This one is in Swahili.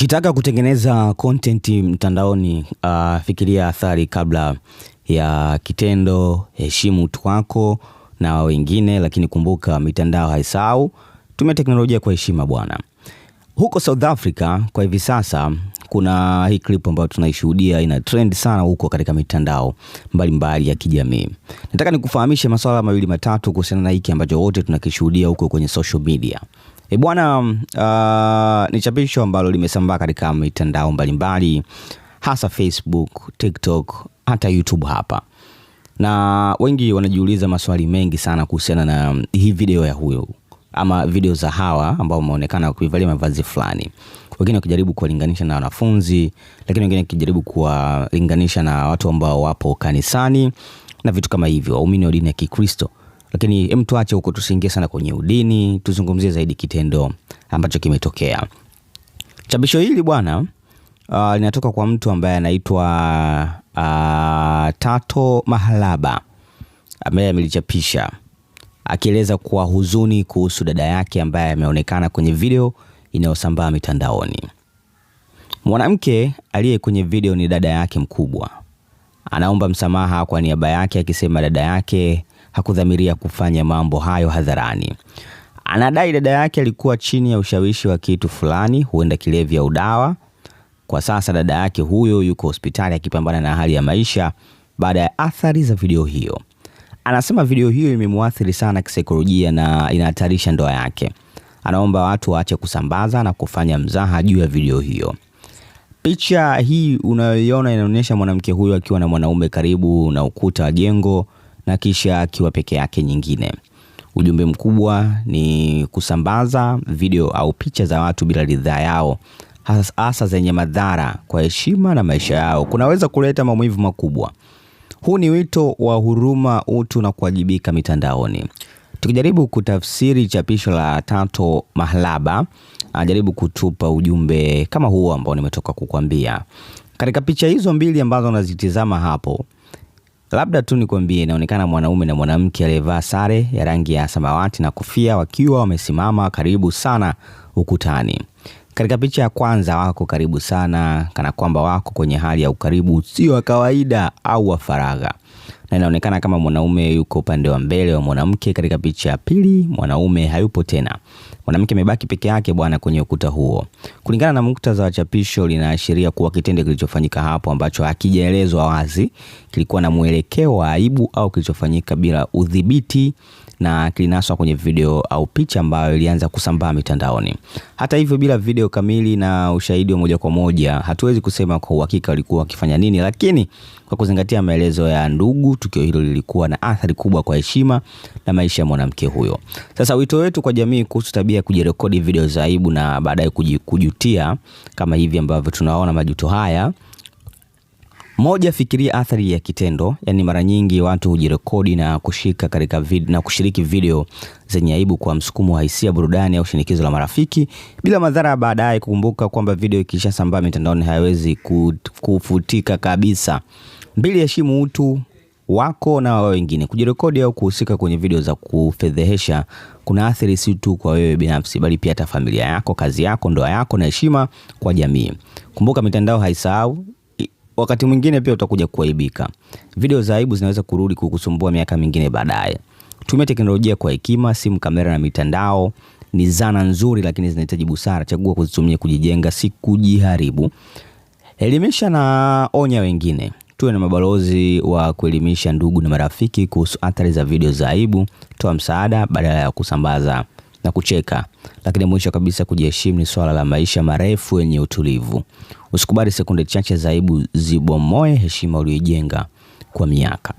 Ukitaka kutengeneza content mtandaoni, uh, fikiria athari kabla ya kitendo, heshimu utu wako na wengine, lakini kumbuka mitandao haisahau. Tumia teknolojia kwa heshima bwana. Huko South Africa kwa hivi sasa kuna hii clip ambayo tunaishuhudia ina trend sana huko katika mitandao mbalimbali mbali ya kijamii. Nataka nikufahamishe masuala mawili matatu kuhusiana na hiki ambacho wote tunakishuhudia huko kwenye social media. E bwana, uh, ni chapisho ambalo limesambaa katika mitandao mbalimbali hasa Facebook, TikTok, hata YouTube hapa, na wengi wanajiuliza maswali mengi sana kuhusiana na hii video ya huyo ama video za hawa ambao wameonekana wakivalia mavazi fulani, wengine wakijaribu kuwalinganisha na wanafunzi, lakini wengine wakijaribu kuwalinganisha na watu ambao wapo kanisani na vitu kama hivyo, waumini wa dini ya Kikristo lakini hem, tuache huko, tusiingie sana kwenye udini, tuzungumzie zaidi kitendo ambacho kimetokea. Chapisho hili bwana uh, linatoka kwa mtu ambaye anaitwa uh, Tato Mahalaba ambaye amelichapisha akieleza kuwa huzuni kuhusu dada yake ambaye ameonekana kwenye video inayosambaa mitandaoni. Mwanamke aliye kwenye video ni dada yake mkubwa. Anaomba msamaha kwa niaba yake akisema dada yake hakudhamiria kufanya mambo hayo hadharani. Anadai dada yake alikuwa chini ya ushawishi wa kitu fulani, huenda kilevi au dawa. Kwa sasa dada yake huyo yuko hospitali akipambana na hali ya maisha baada ya athari za video hiyo. Anasema video hiyo imemwathiri sana kisaikolojia na inahatarisha ndoa yake. Anaomba watu waache kusambaza na kufanya mzaha juu ya video hiyo. Picha hii unayoiona inaonyesha mwanamke huyo akiwa na mwanaume karibu na ukuta wa jengo na kisha akiwa peke yake nyingine. Ujumbe mkubwa ni kusambaza video au picha za watu bila ridhaa yao, hasa zenye madhara kwa heshima na maisha yao, kunaweza kuleta maumivu makubwa. Huu ni wito wa huruma, utu na kuwajibika mitandaoni. Tukijaribu kutafsiri chapisho la tato Mahlaba, anajaribu kutupa ujumbe kama huo ambao nimetoka kukwambia. Katika picha hizo mbili ambazo nazitizama hapo Labda tu nikwambie, inaonekana mwanaume na mwanamke aliyevaa sare ya rangi ya samawati na kofia wakiwa wamesimama karibu sana ukutani. Katika picha ya kwanza, wako karibu sana, kana kwamba wako kwenye hali ya ukaribu usio wa kawaida au wa faragha, na inaonekana kama mwanaume yuko upande wa mbele wa mwanamke. Katika picha ya pili, mwanaume hayupo tena, Mwanamke amebaki peke yake bwana kwenye ukuta huo. Kulingana na muktadha wa chapisho, linaashiria kuwa kitendo kilichofanyika hapo ambacho hakijaelezwa wazi kilikuwa na mwelekeo wa aibu au kilichofanyika bila udhibiti na kilinaswa kwenye video au picha ambayo ilianza kusambaa mitandaoni. Hata hivyo, bila video kamili na ushahidi wa moja kwa moja, hatuwezi kusema kwa uhakika walikuwa wakifanya nini, lakini kwa kuzingatia maelezo ya ndugu, tukio hilo lilikuwa na athari kubwa kwa heshima na maisha ya mwanamke huyo. Sasa wito wetu kwa jamii kuhusu tabia pia kujirekodi video za aibu na baadaye kujutia kama hivi ambavyo tunaona majuto haya. Moja, fikiria athari ya kitendo. Yaani mara nyingi watu hujirekodi na kushika katika vid na kushiriki video zenye aibu kwa msukumo wa hisia, burudani au shinikizo la marafiki bila madhara baadaye. Kukumbuka kwamba video ikishasambaa mitandaoni hayawezi kufutika kabisa. Mbili, heshimu utu wako na wa wengine. Kujirekodi au kuhusika kwenye video za kufedhehesha kuna athiri si tu kwa wewe binafsi, bali pia hata familia yako, kazi yako, ndoa yako na heshima kwa jamii. Kumbuka, mitandao haisahau wakati mwingine pia utakuja kuaibika. Video za aibu zinaweza kurudi kukusumbua miaka mingine baadaye. Tumia teknolojia kwa hekima. Simu, kamera na mitandao ni zana nzuri, lakini zinahitaji busara. Chagua kuzitumia kujijenga, si kujiharibu. Elimisha na onya wengine tuwe na mabalozi wa kuelimisha ndugu na marafiki kuhusu athari za video za aibu, toa msaada badala ya kusambaza na kucheka. Lakini mwisho kabisa, kujiheshimu ni swala la maisha marefu yenye utulivu. Usikubali sekunde chache za aibu zibomoe heshima uliyojenga kwa miaka.